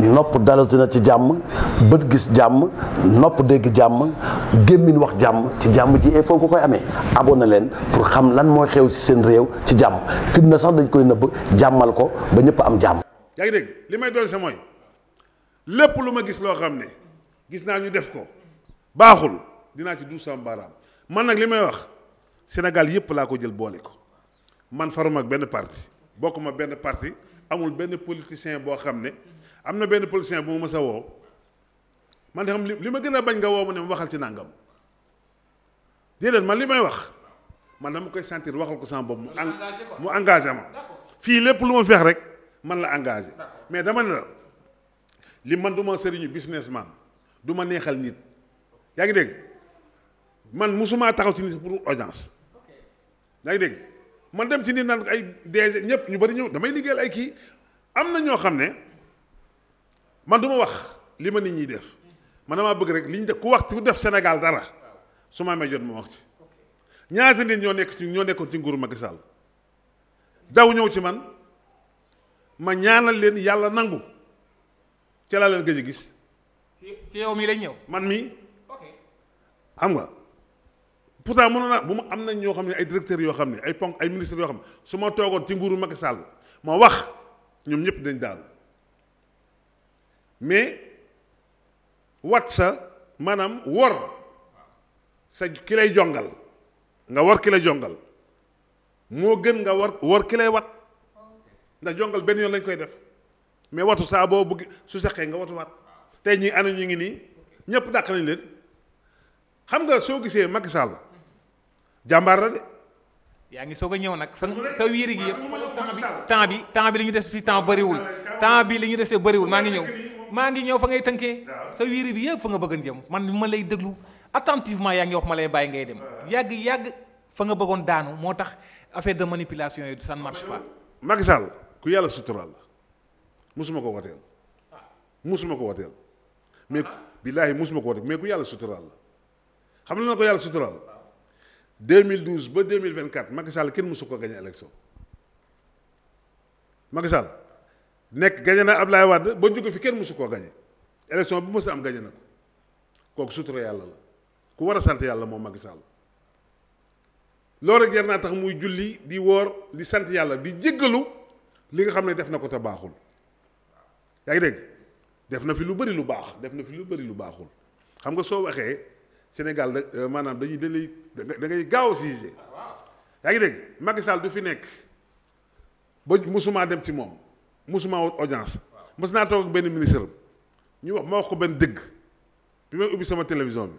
nopp dalatu na ci jàmm bët gis jàmm nopp dégg jàmm gémmiñ wax jàmm ci jàmm ji il faut nga koy amee abonné leen pour xam lan mooy xew ci seen réew ci jàmm fitna sax dañ koy nëbb jàmmal ko ba ñëpp am jàmm. yaa dégg li may doon sa mooy lépp lu ma gis loo xam ne gis naa ñu def ko baaxul dinaa ci du sam baaraam man nag li may wax Sénégal yëpp laa ko jël boole ko man faruma benn parti bokkuma benn parti amul benn politicien boo xam ne. am na benn politicien bu ma mës a man de xam li ma gën a bañ nga woo ma ne mu waxal ci nàngam déedéet man li may wax man dama koy sentir waxal ko sama bopp mu mu engagé ma fii lépp lu ma feex rek man la engagé mais dama ne la li man du ma sëriñu businessman du ma neexal nit yaa ngi dégg man musuma taxaw ci nit pour audience yaa ngi dégg man dem ci nit naan ay DG ñëpp ñu bari ñëw damay liggéeyal ay kii am na ñoo xam ne man du ma wax li ma nit ñiy def ma man damaa bëgg rek li ñu def ku wax ku def Sénégal dara su ma amee jot ma wax ci ñaata nit ñoo nekk ci ñoo nekkoon ci nguuru Macky Sall ñëw ci man ma ñaanal leen yàlla nangu ca laa leen gis. ci yow mii lañ ñëw. man mii xam nga pourtant mënoon naa bu ma am nañ ñoo xam ne ay directeurs yoo xam ne ay ponk ay ministres yoo xam ne su ma toogoon ci nguuru Macky Sall ma wax ñoom ñëpp dañ daal. mais wat sa maanaam wor sa ki lay jongal nga war ki lay jongal moo gën nga war war ki lay wat ndax jongal benn yoon lañ koy def mais watu saa boo bëgg su saqee nga watu wat tey ñi ana ñu ngi nii ñëpp dàq nañ leen xam nga soo gisee Macky Sall jàmbaar la de. yaa ngi soog a ñëw nag. sa wiiri gi temps bi temps bi li ñu des ci temps bëriwul temps bi li ñu desee bariwul maa ngi ñëw. maa ngi ñëw fa ngay tënkee sa wiiri bi yëpp fa nga bëggoon jëm man ma lay déglu attentivement yaa ngi wax ma lay bàyyi ngay dem yàgg yàgg fa nga bëggoon daanu moo tax affaire de manipulation yi ça ne marche pas. Macky Sall ku yàlla suturaal la musuma ko wateel musuma ko wateel mais musuma ko wateel mais ku yàlla suturaal xam na ko yàlla suturaal 2012 ba 2024 Macky Sall kenn musu ko gagné élection Macky Sall nekk gañe na Ablaye Wade ba jóge fi kenn mosu koo gañe élection bu mësa am gañe na ko kooku sutura yàlla la ku war a sant yàlla moom Macky Sall loolu rek jar naa tax muy julli di woor di sant yàlla di jéggalu li nga xam ne def na ko te baaxul yaa ngi def na fi lu bari lu baax def na fi lu bari lu baaxul xam nga soo waxee Sénégal da euh, maanaam dañuy da lay ngay gaaw a yaa ngi dégg Macky du fi nekk ba musumaa dem ci moom musuma wut audience mos naa toog ak benn ministre ñu wax ma wax ko benn dëgg bi may ubbi sama télévision bi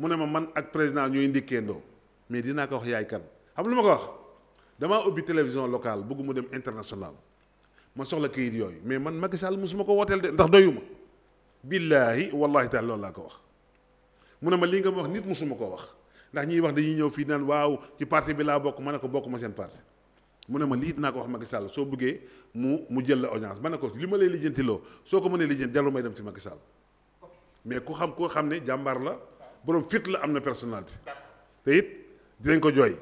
mu ne ma man ak président ñooy ndikkee ndoo mais dinaa ko wax yaay kan xam lu ma ko wax damaa ubbi télévision locale bëgg mu dem international ma soxla kayit yooyu mais man Macky mosuma ko wooteel de ndax doyuma billaahi wallahi taala loolu laa ko wax mu ne ma lii nga ma wax nit musuma ko wax ndax ñiy wax dañuy ñëw fii naan waaw ci parti bi laa bokk ma ne ko bokk seen parti mu ne ma lii dinaa ko wax Macky Sall soo bëggee mu mu jël la audience ma ne ko li ma lay lijjantiloo soo ko mënee lijjanti jarul may dem ci Macky Sall mais ku xam koo xam ne jàmbaar la borom fit la am na personnalité te it dinañ ko jooy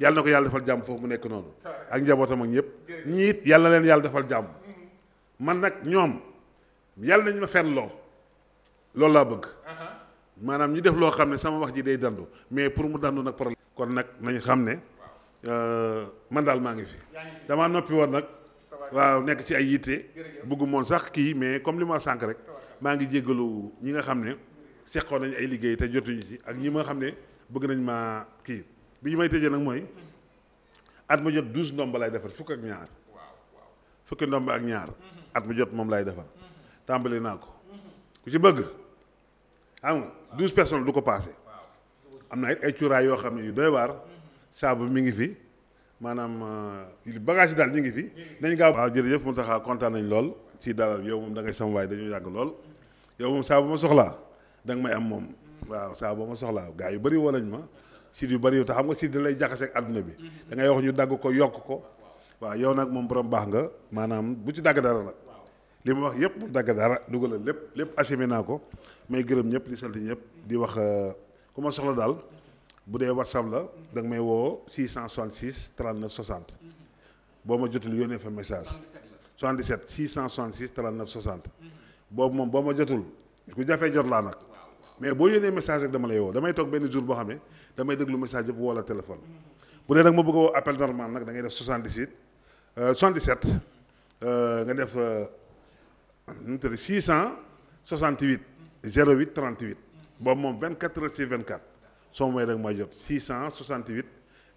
yàlla na ko yàlla defal jàmm foofu mu nekk noonu ak njabootam ak ñëpp ñii yàlla na leen yàlla defal jàmm mm-hmm. man nag ñoom yàlla nañ ma fenn loo loolu laa bëgg uh-huh. maanaam ñu def loo xam ne sama wax ji day dandu mais pour mu dandu nag problème kon nag nañ xam ne Euh, man daal maa ngi fi damaa noppi woon nag waaw nekk ci ay yitte buggu moom sax kii mais comme li ma sànk rek maa ngi jéggalu ñi nga xam ne seqoon nañ ay liggéey te jotuñu ci ak ñi ma xam ne bëgg nañ maa kii bi ñu may tëjee nag mooy at ma jot douze ndomba lay defar fukk ak ñaar fukki ndomba ak ñaar mm-hmm. at ma jot moom lay defar mm-hmm. tàmbali naa ko mm-hmm. ku ci bëgg xam nga douze personnes du ko passé am na it ay cuuraay yoo xam ne yu doy waar saabu mi ngi fi maanaam euh, bagage yi daal ñu ngi fi. nañ gaaw waaw jërëjëf Mountakha kontaan nañ lool ci dalal yow moom dangay ngay sama waay dañoo yàgg lool yow moom saabu ma soxlaa da may am moom waaw saabu ma soxlaa gaa yu bëri woo nañ ma site yu bëri yow te xam da lay jaxaseeg adduna bi da ngay wax ñu dagg ko yokk ko waaw yow nag moom borom baax nga maanaam bu ci dagg dara nag li mu wax yëpp dagg dara dugalal lépp lépp assumé naa ko may gërëm ñëpp di sant ñëpp di wax euh, ku ma soxla daal bu dee whatsapp la da may woo 666 39 60 boo ma jotul yónnee fa message 77 666 39 60 boobu moom boo ma jotul ku jafee jot laa nag mais boo yónnee message rek dama lay woo damay toog benn jour boo xam ne damay déglu message yëpp woo la téléphone bu dee nag ma bëgg a woo appel normal nag da ngay def 78 77 euh, euh, nga def euh, nu mu tëdd 668 08 38 boobu moom 24 heures sur 24. soo mooy rek may jot 668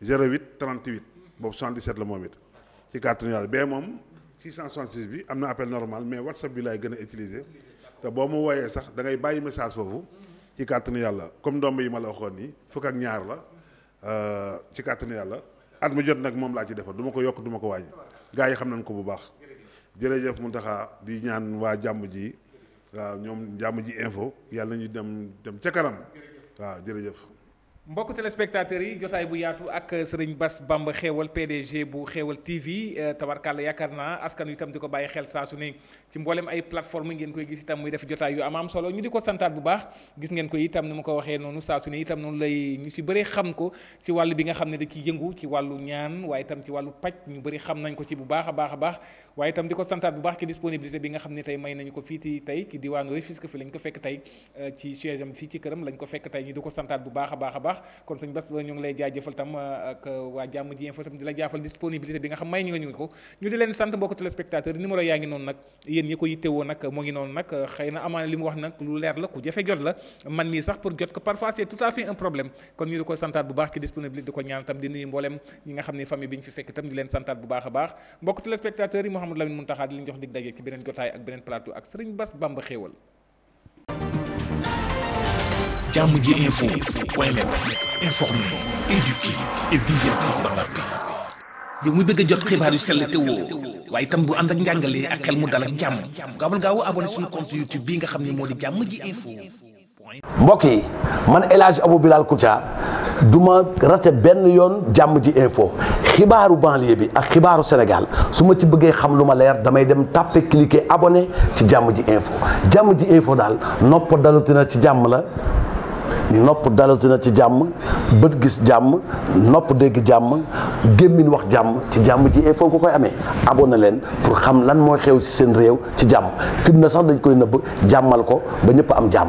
08 38 boobu 77 la moom it ci kàttanu yàlla bee moom 666 bi am na appel normal mais whatsapp bi laay gën a utiliser te boo mu wooyee sax da ngay bàyyi message foofu ci kàttanu yàlla comme ndomb yi ma la waxoon nii fukk ak ñaar la euh, ci kàttanu yàlla at mu jot nag moom laa ci defal duma ko yokk duma ko wàññi gars yi xam nañ ko bu baax jërëjëf Mountakha di ñaan waa jàmm ji waaw ñoom jàmm ji info yàlla nañu dem dem ca kanam waaw jërëjëf mbokk téléspectateurs yi jotaay bu yaatu ak sëriñ Bass Bamba xéewal PDG bu xéewal TV euh, tabarkàlla yaakaar na askan wi tam di ko bàyyi xel saa su ne ci mboolem ay plateforme ngeen koy gis itam muy def jotaay yu am am solo ñu di ko santaat bu baax gis ngeen ko itam ni ma ko waxee noonu saa itam noonu lay ñu ci bëri xam ko ci bi nga xam ne da ci yëngu ci wàllu ñaan waaye itam ci wàllu paj ñu bëri xam ko ci bu baax a baax a baax waaye itam di ko santaat bu baax ci bi nga xam ne tey may nañu ko fii ci tey ci diwaan Rufisque fi ko fekk tey euh, ci siège ci këram lañ ko fekk tey ñu di santaat bu baax a baax a baax baax kon sëñ Bass ñu ngi lay jaajëfal tam euh, ak euh, waa jàmm ji info tam di la jaafal disponibilité bi nga xam may ñu ñu ko ñu di leen sant mbokk ko yittewoo nag moo ngi euh, na amaana li mu wax leer la ku jafe jot kon ñu di ko santaat bu baax ki disponibilité di ko ñaan tam di nuyu mboolem ñi nga xam ne famille bi ñu fi fekk tam di leen santaat bu baax a baax mbokk téléspectateur yi Mouhamadou Lamine Mountakha di leen jox dig daje ci beneen jotaay ak beneen plateau ak Serigne Bass jàmm ji info waaye nag informer, éduquer et yow mi bëgg jot xibaar sell te waaye itam bu ànd ak njàngalee ak xel mu dal ak jàmm gaawal gaaw abonné suñu compte YouTube bii nga xam ne moo di jàmm ji info. mbokk man El Hadj du ma rate benn yoon jàmm ji info xibaaru banlieue bi ak xibaaru senegal su ma ci bëggee xam lu ma leer damay dem tàppe cliquer abonné ci jàmm ji info jàmm ji info daal nopp dalutina ci jàmm la. nopp dalatu na ci jàmm bët gis jàmm nopp dégg jàmm gémmiñ wax jàmm ci jàmm ji il faut nga koy amee abonné leen pour xam lan mooy xew ci seen réew ci jàmm fitna sax dañ koy nëbb jàmmal ko ba ñëpp am jàmm